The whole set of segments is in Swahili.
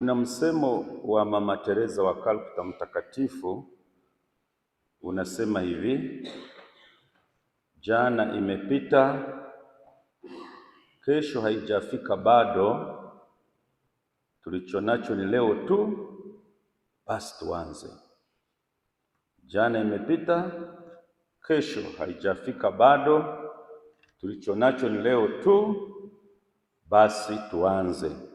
Kuna msemo wa Mama Teresa wa Calcutta mtakatifu unasema hivi: jana imepita, kesho haijafika bado, tulicho nacho ni leo tu, basi tuanze. Jana imepita, kesho haijafika bado, tulicho nacho ni leo tu, basi tuanze.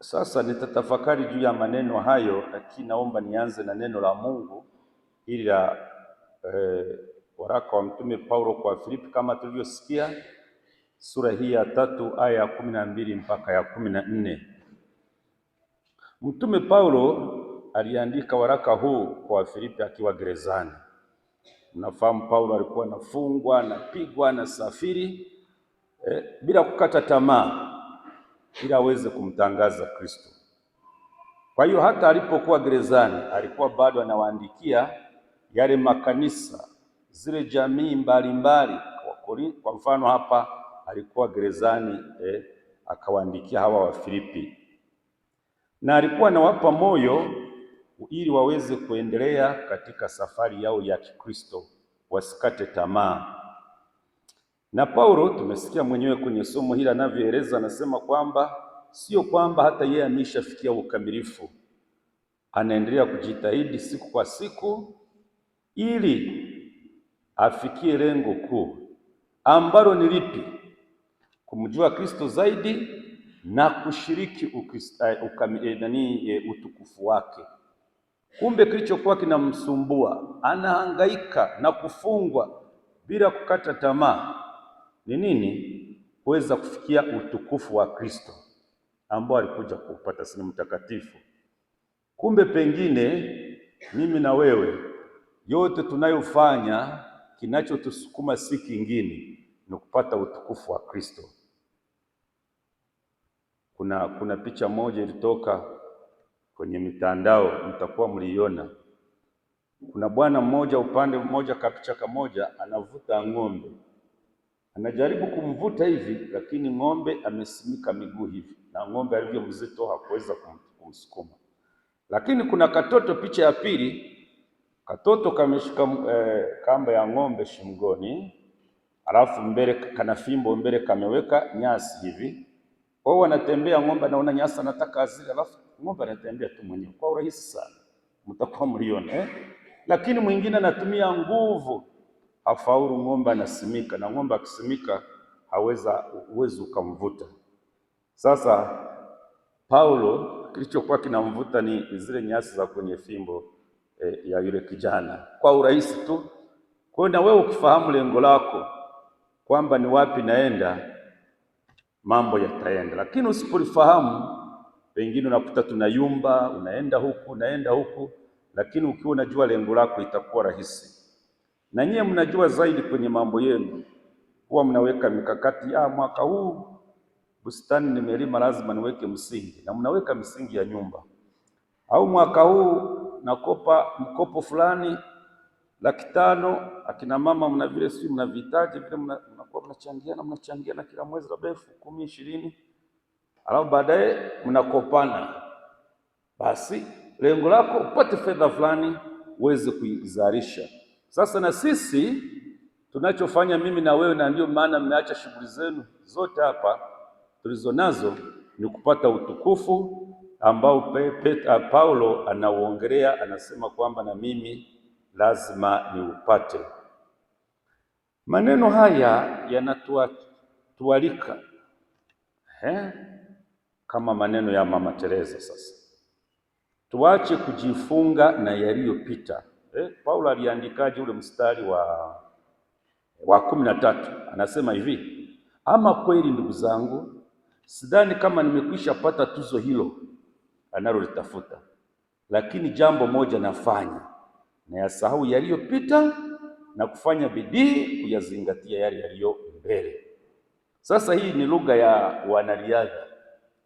Sasa nitatafakari juu ya maneno hayo, lakini naomba nianze na neno la Mungu ili la eh, waraka wa Mtume Paulo kwa Filipi kama tulivyosikia, sura hii ya tatu aya ya kumi na mbili mpaka ya kumi na nne. Mtume Paulo aliandika waraka huu kwa Wafilipi akiwa gerezani. Nafahamu Paulo alikuwa anafungwa, anapigwa, anasafiri eh, bila kukata tamaa ili aweze kumtangaza Kristo. Kwa hiyo hata alipokuwa gerezani alikuwa bado anawaandikia yale makanisa, zile jamii mbalimbali mbali. Kwa mfano hapa alikuwa gerezani eh, akawaandikia hawa wa Filipi na alikuwa anawapa moyo ili waweze kuendelea katika safari yao ya Kikristo, wasikate tamaa. Na Paulo tumesikia mwenyewe kwenye somo hili anavyoeleza, anasema kwamba sio kwamba hata yeye ameshafikia ukamilifu, anaendelea kujitahidi siku kwa siku ili afikie lengo kuu ambalo ni lipi? Kumjua Kristo zaidi na kushiriki eh, eh, nani eh, utukufu wake. Kumbe kilichokuwa kinamsumbua, anahangaika na kufungwa bila kukata tamaa ni nini? Kuweza kufikia utukufu wa Kristo ambao alikuja kuupata, sini mtakatifu. Kumbe pengine mimi na wewe, yote tunayofanya, kinachotusukuma si kingine, ni kupata utukufu wa Kristo. Kuna, kuna picha moja ilitoka kwenye mitandao, mtakuwa mliiona. Kuna bwana mmoja upande mmoja kapicha kamoja anavuta ng'ombe Anajaribu kumvuta hivi, lakini ng'ombe amesimika miguu hivi, na ng'ombe alivyo mzito hakuweza kumsukuma. Lakini kuna katoto, picha ya pili, katoto kameshika eh, kamba ya ng'ombe shingoni, alafu mbele kana fimbo mbele kameweka nyasi hivi. kwa hiyo wanatembea, ng'ombe anaona nyasi anataka azile, alafu ng'ombe anatembea tu mwenyewe kwa urahisi sana, mtakuwa mliona eh? Lakini mwingine anatumia nguvu afaulu ng'ombe anasimika, na ng'ombe akisimika haweza uwezo ukamvuta. Sasa Paulo kilichokuwa kinamvuta ni zile nyasi za kwenye fimbo e, ya yule kijana kwa urahisi tu. Kwa hiyo na wewe ukifahamu lengo lako kwamba ni wapi naenda, mambo yataenda, lakini usipolifahamu pengine unakuta tunayumba, unaenda huku unaenda huku, lakini ukiwa unajua lengo lako itakuwa rahisi na nyiye mnajua zaidi kwenye mambo yenu, huwa mnaweka mikakati ya ah, mwaka huu bustani nimelima, lazima niweke msingi, na mnaweka msingi ya nyumba, au mwaka huu nakopa mkopo fulani laki tano. Akina mama mna vile si mnavihitaji vile, mnakuwa mnachangiana mnachangiana kila mwezi labda elfu kumi ishirini, alafu baadaye mnakopana. Basi lengo lako upate fedha fulani uweze kuizalisha. Sasa na sisi tunachofanya mimi na wewe, na ndiyo maana mmeacha shughuli zenu zote hapa tulizo nazo ni kupata utukufu ambao Paulo anauongelea, anasema kwamba na mimi lazima niupate. Maneno haya yanatualika kama maneno ya Mama Teresa. Sasa tuache kujifunga na yaliyopita eh, Paulo aliandikaje ule mstari wa wa kumi na tatu? Anasema hivi, ama kweli ndugu zangu, sidhani kama nimekwisha pata tuzo hilo analolitafuta, lakini jambo moja nafanya, nayasahau yaliyopita na kufanya bidii kuyazingatia yale yaliyo mbele. Sasa hii ni lugha ya wanariadha,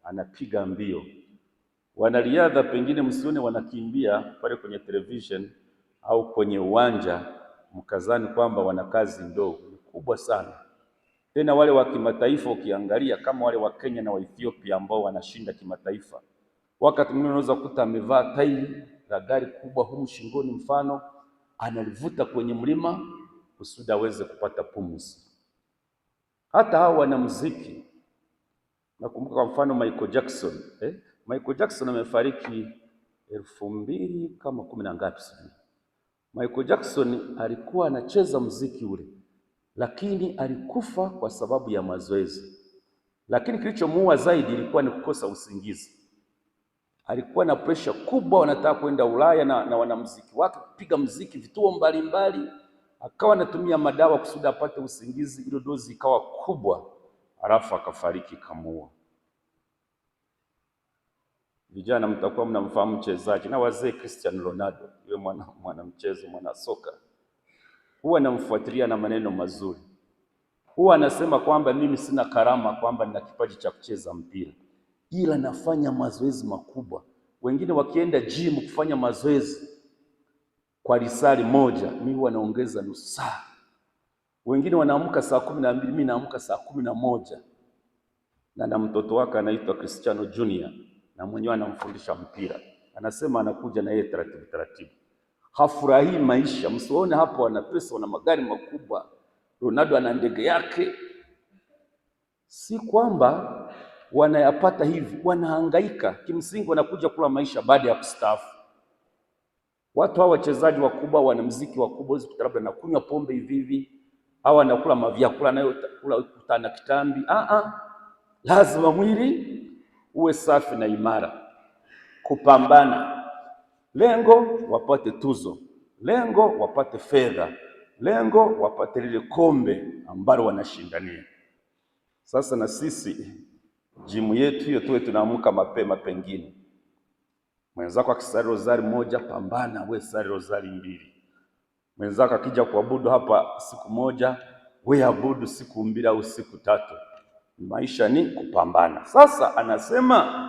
anapiga mbio. Wanariadha pengine msione wanakimbia pale kwenye television au kwenye uwanja mkazani kwamba wana kazi ndogo kubwa sana. Tena wale wa kimataifa ukiangalia, kama wale wa Kenya na wa Ethiopia ambao wanashinda kimataifa, wakati mwingine unaweza kukuta amevaa tai la gari kubwa humu shingoni, mfano analivuta kwenye mlima kusudi aweze kupata pumzi. Hata hao wanamuziki, nakumbuka kwa mfano Michael Jackson eh? Michael Jackson amefariki elfu mbili kama kumi na ngapi sijui Michael Jackson alikuwa anacheza mziki ule, lakini alikufa kwa sababu ya mazoezi. Lakini kilichomuua zaidi ilikuwa ni kukosa usingizi. Alikuwa na presha kubwa, wanataka kwenda Ulaya na, na wanamziki wake kupiga mziki vituo mbalimbali, akawa anatumia madawa kusudi apate usingizi, ilo dozi ikawa kubwa, alafu akafariki, kamuua vijana mtakuwa mnamfahamu mchezaji na wazee Cristiano Ronaldo, yule mwana mwana mchezo mwana soka, huwa namfuatilia na maneno mazuri. Huwa anasema kwamba mimi sina karama, kwamba nina kipaji cha kucheza mpira, ila nafanya mazoezi makubwa. Wengine wakienda gym kufanya mazoezi kwa risali moja, mimi huwa naongeza nusu saa. Wengine wanaamka saa kumi na mbili, mimi naamka saa kumi na moja na na mtoto wake anaitwa Cristiano Junior na mwenyewe anamfundisha mpira, anasema anakuja na yeye taratibu taratibu, hafurahii maisha. Msione hapo ana pesa, wana magari makubwa, Ronaldo ana ndege yake. Si kwamba wanayapata hivi, wanahangaika. Kimsingi wanakuja kula maisha baada ya kustaafu. Watu hawa wachezaji wakubwa, muziki wakubwa, labda nakunywa pombe hivi hivi, au anakula mavyakula anayokula kitana kitambi. Ah, ah, lazima mwili uwe safi na imara, kupambana, lengo wapate tuzo, lengo wapate fedha, lengo wapate lile kombe ambalo wanashindania. Sasa na sisi jimu yetu hiyo tuwe tunaamka mapema, pengine mwenzako akisali rozari moja, pambana we sali rozari mbili. Mwenzako akija kuabudu hapa siku moja, we abudu siku mbili au siku tatu. Maisha ni kupambana. Sasa anasema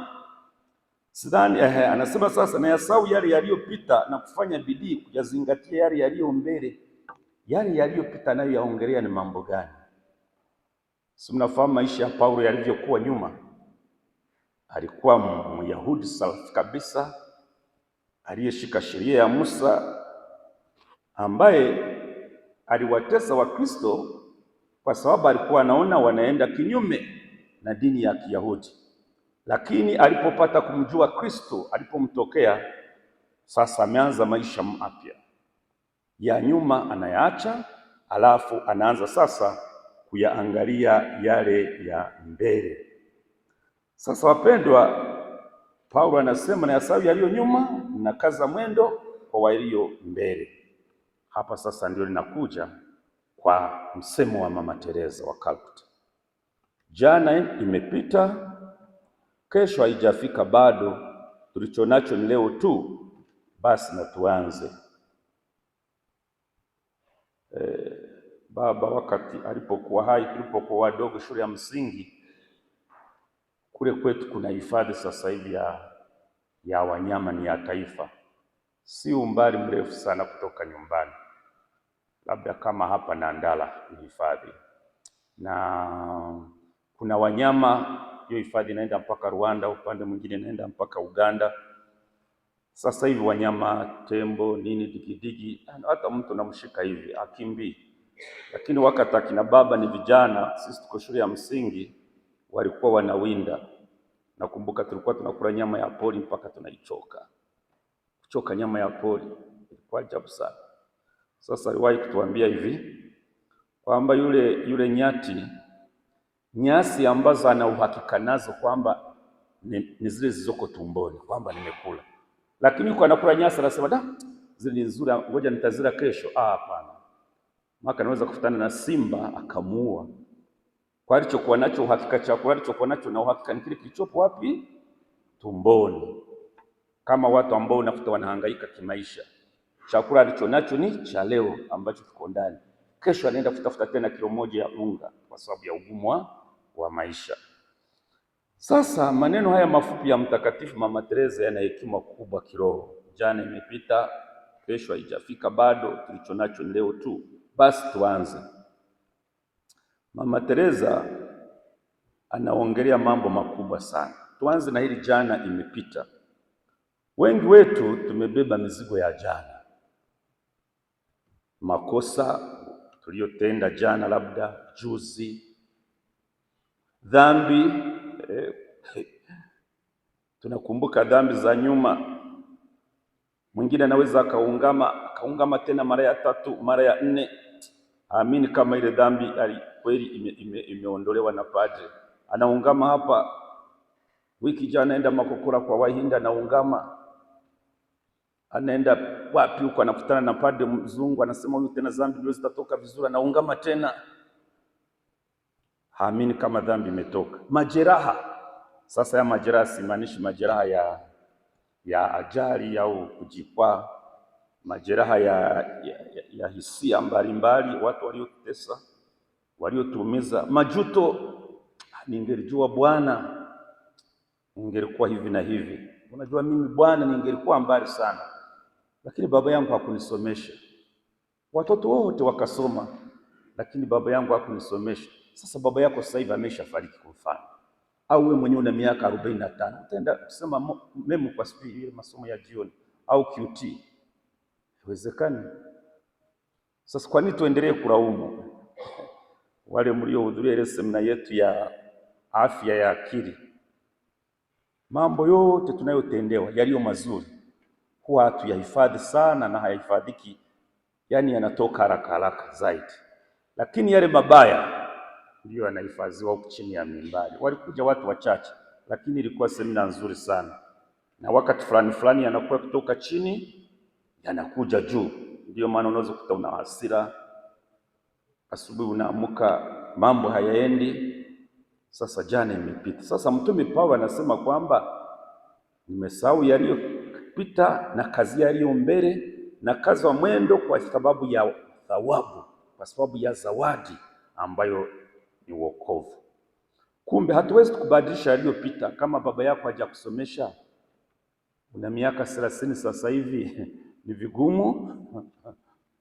sidhani, eh, anasema sasa yasau yale yaliyopita na kufanya bidii kuyazingatia yale yaliyo mbele. Yale yaliyopita nayo yaongelea ni mambo gani? Si mnafahamu maisha ya Paulo yalivyokuwa nyuma. Alikuwa Myahudi salafi kabisa aliyeshika sheria ya Musa ambaye aliwatesa Wakristo kwa sababu alikuwa anaona wanaenda kinyume na dini ya Kiyahudi. Lakini alipopata kumjua Kristo, alipomtokea sasa, ameanza maisha mapya ya nyuma anayaacha, alafu anaanza sasa kuyaangalia yale ya mbele. Sasa wapendwa, Paulo anasema na yasahau yaliyo nyuma na kaza mwendo kwa walio mbele. Hapa sasa ndio linakuja kwa msemo wa Mama Teresa wa Calcutta, jana imepita, kesho haijafika bado, tulicho nacho ni leo tu, basi na tuanze. E, baba wakati alipokuwa hai, tulipokuwa wadogo shule ya msingi kule kwetu, kuna hifadhi sasa hivi ya, ya wanyama ni ya taifa, si umbali mrefu sana kutoka nyumbani labda kama hapa Nandala hifadhi, na kuna wanyama, hiyo hifadhi inaenda mpaka Rwanda, upande mwingine inaenda mpaka Uganda. Sasa hivi wanyama tembo nini digidigi, hata mtu namshika hivi akimbii, lakini wakati akina baba ni vijana, sisi tuko shule ya msingi, walikuwa wanawinda. Nakumbuka tulikuwa tunakula nyama ya pori mpaka tunaichoka. Kuchoka nyama ya pori ilikuwa ajabu sana. Sasa aliwahi kutuambia hivi kwamba yule yule nyati nyasi ambazo ana uhakika nazo kwamba ni, ni zile zilizoko tumboni kwamba nimekula, lakini yuko anakula nyasi anasema da, zile ni nzuri, ngoja nitazila kesho. Ah, hapana, maka anaweza kufutana na simba akamuua kwa alichokuwa nacho, uhakika chakula alichokuwa nacho na uhakika ni kile kilichopo wapi tumboni, kama watu ambao unakuta wanahangaika kimaisha chakula alicho nacho ni cha leo ambacho kiko ndani. Kesho anaenda kutafuta tena kilo moja ya unga kwa sababu ya ugumu wa maisha. Sasa maneno haya mafupi ya Mtakatifu Mama Teresa yana hekima kubwa kiroho. Jana imepita, kesho haijafika bado, tulichonacho ni leo tu. Basi tuanze. Mama Teresa anaongelea mambo makubwa sana. Tuanze na hili jana imepita. Wengi wetu tumebeba mizigo ya jana makosa tuliyotenda jana, labda juzi, dhambi eh, tunakumbuka dhambi za nyuma. Mwingine anaweza akaungama akaungama tena mara ya tatu mara ya nne, amini kama ile dhambi kweli ime, ime, imeondolewa na padre. Anaungama hapa, wiki jana enda Makokora kwa Wahinda, naungama anaenda wapi huko, anakutana na padre mzungu, anasema huyu tena dhambi ndio zitatoka vizuri, anaungama tena, haamini kama dhambi imetoka. Majeraha sasa, ya majeraha simaanishi majeraha ya ya ajali au kujikwaa, majeraha ya, ya, ya, ya hisia mbalimbali, watu waliotesa, waliotuumiza, majuto, ningelijua Bwana ningelikuwa hivi na hivi, unajua mimi Bwana ningelikuwa mbali sana lakini baba yangu hakunisomesha. Watoto wote wakasoma, lakini baba yangu hakunisomesha. Sasa baba yako sasa hivi ameshafariki kwa mfano, au wewe mwenyewe una miaka 45 utaenda kusema memu kwa spidi ile masomo ya jioni au QT? Haiwezekani. Sasa kwa nini tuendelee kulaumu wale mliohudhuria ile semina yetu ya afya ya akili? Mambo yote tunayotendewa yaliyo mazuri huwa tuyahifadhi sana na hayahifadhiki, yani yanatoka haraka haraka zaidi, lakini yale mabaya ndiyo yanahifadhiwa huku chini ya mimbari. Walikuja watu wachache, lakini ilikuwa semina nzuri sana, na wakati fulani fulani yanakuwa kutoka chini yanakuja juu. Ndiyo maana unaweza kuta una hasira asubuhi, unaamka mambo hayaendi. Sasa jana imepita. Sasa Mtume Paulo anasema kwamba nimesahau yaliyo kupita na kazi yaliyo mbele na kazi wa mwendo kwa sababu ya thawabu, kwa sababu ya zawadi ambayo ni wokovu. Kumbe hatuwezi kubadilisha yaliyopita. Kama baba yako hajakusomesha, una miaka thelathini sasa hivi ni vigumu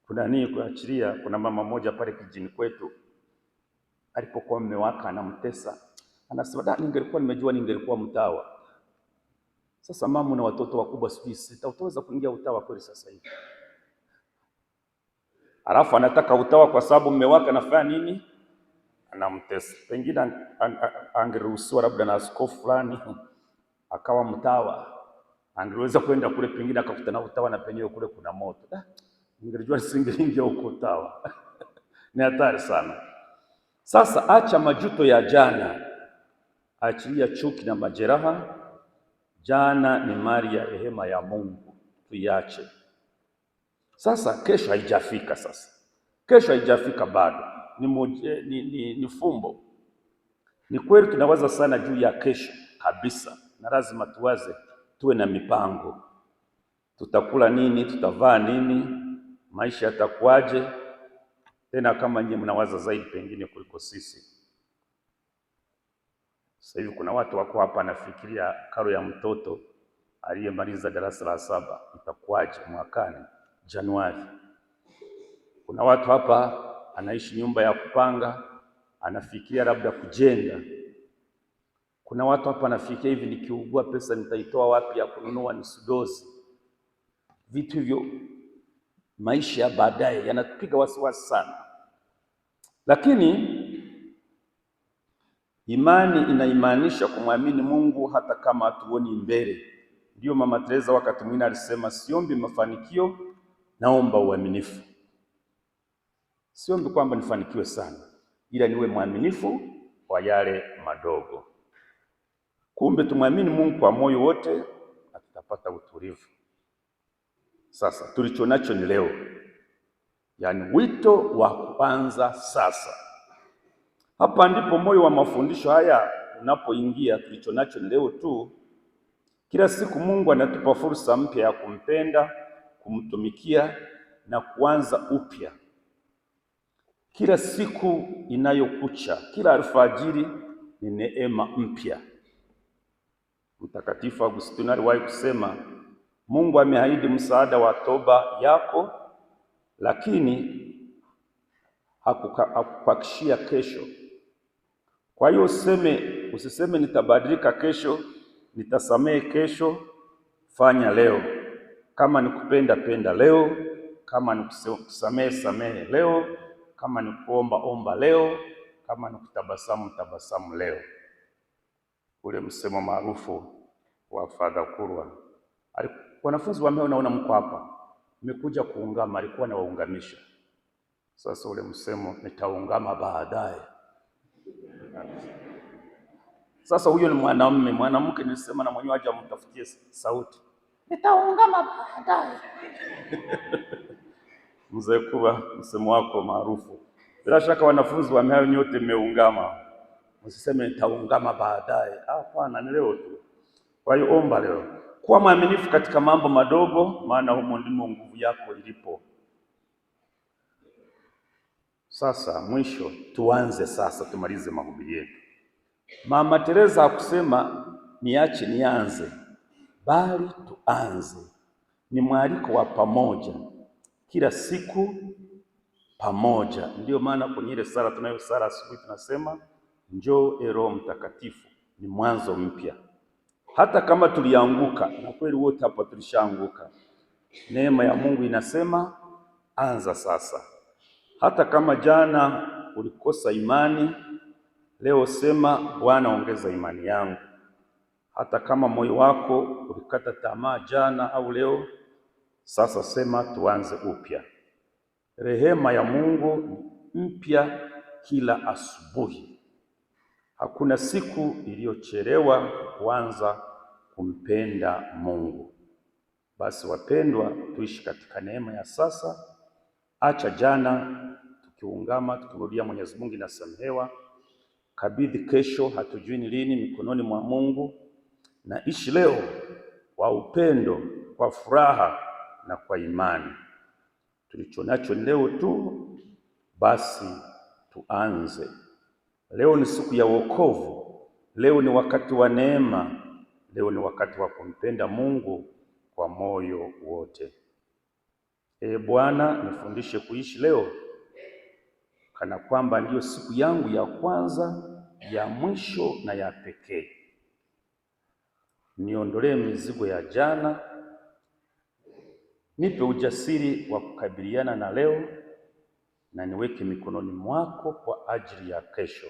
kuna nini kuachilia. Kuna mama moja pale kijini kwetu, alipokuwa mume wake anamtesa, anasema da, ningelikuwa nimejua ningelikuwa mtawa sasa mama na watoto wakubwa sijui sita, utaweza kuingia utawa kweli sasa hivi? Alafu anataka utawa kwa sababu mume wake anafanya nini? Anamtesa. Pengine an, an, an, angeruhusiwa labda na askofu fulani akawa mtawa, angeweza kwenda kule, pengine akakutana utawa na penyewe kule kuna moto. Ah, Ningejua singeingia huko utawa. Ni hatari sana. Sasa acha majuto ya jana, achilia chuki na majeraha Jana ni mali ya rehema ya Mungu, tuiache sasa. Kesho haijafika, sasa kesho haijafika bado, ni, moje, ni, ni, ni fumbo. Ni kweli tunawaza sana juu ya kesho kabisa, na lazima tuwaze, tuwe na mipango. Tutakula nini? Tutavaa nini? Maisha yatakuwaje? Tena kama nyinyi mnawaza zaidi pengine kuliko sisi. Sasa hivi kuna watu wako hapa anafikiria karo ya mtoto aliyemaliza darasa la saba itakuwaje mwakani Januari. Kuna watu hapa anaishi nyumba ya kupanga, anafikiria labda kujenga. Kuna watu hapa anafikiria hivi, nikiugua pesa nitaitoa wapi ya kununua nisudozi? Vitu hivyo maisha ya baadaye yanatupiga wasiwasi sana, lakini Imani inaimaanisha kumwamini Mungu hata kama hatuoni mbele. Ndiyo Mama Teresa wakati mwingine alisema, siombi mafanikio, naomba uaminifu. Siombi kwamba nifanikiwe sana, ila niwe mwaminifu kwa yale madogo. Kumbe tumwamini Mungu kwa moyo wote na tutapata utulivu. Sasa tulicho nacho ni leo, yaani wito wa kwanza sasa. Hapa ndipo moyo wa mafundisho haya unapoingia. Tulicho nacho leo tu, kila siku Mungu anatupa fursa mpya ya kumpenda, kumtumikia na kuanza upya. Kila siku inayokucha, kila alfajiri ni neema mpya. Mtakatifu Agustino aliwahi kusema, Mungu ameahidi msaada wa toba yako, lakini hakukuhakikishia kesho. Kwa hiyo useme, usiseme nitabadilika kesho, nitasamehe kesho. Fanya leo. Kama ni kupenda, penda leo. Kama ni kusamehe, samehe leo. Kama ni kuomba, omba leo. Kama ni kutabasamu, tabasamu leo. Ule msemo maarufu wa Fadha Kurwa. Wanafunzi wameo, naona mko hapa, mmekuja kuungama, alikuwa anawaungamisha. Sasa ule msemo nitaungama baadaye sasa huyo ni mwanamume, mwanamke nilisema na mwenyewe aje amtafutie sauti, nitaungama baadaye. Mzee Kuba, msemo wako maarufu. Bila shaka wanafunzi wa mihayo nyote mmeungama, msiseme nitaungama baadaye. Hapana, ni leo tu. Kwa hiyo omba leo, kuwa mwaminifu katika mambo madogo, maana humo ndimo nguvu yako ilipo. Sasa mwisho, tuanze sasa, tumalize mahubiri yetu. Mama Teresa hakusema niache nianze, bali tuanze. Ni mwaliko wa pamoja, kila siku pamoja. Ndiyo maana kwenye ile sala tunayo sala asubuhi tunasema njoo e Roho Mtakatifu, ni mwanzo mpya. Hata kama tulianguka, na kweli wote hapa tulishaanguka, neema ya Mungu inasema anza sasa hata kama jana ulikosa imani, leo sema Bwana, ongeza imani yangu. Hata kama moyo wako ulikata tamaa jana au leo, sasa sema tuanze upya. Rehema ya Mungu mpya kila asubuhi. Hakuna siku iliyochelewa kuanza kumpenda Mungu. Basi wapendwa, tuishi katika neema ya sasa. Acha jana tukiungama, tukimrudia Mwenyezi Mungu inasamehewa. Kabidhi kesho, hatujui ni lini, mikononi mwa Mungu, na ishi leo kwa upendo, kwa furaha na kwa imani. tulicho ni leo tu basi tuanze. Leo ni siku ya wokovu, leo ni wakati wa neema, leo ni wakati wa kumpenda Mungu kwa moyo wote. Ee Bwana, nifundishe kuishi leo kana kwamba ndiyo siku yangu ya kwanza, ya mwisho na ya pekee. Niondolee mizigo ya jana, nipe ujasiri wa kukabiliana na leo, na niweke mikononi mwako kwa ajili ya kesho.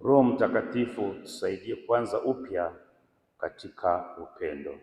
Roho Mtakatifu, tusaidie kwanza upya katika upendo.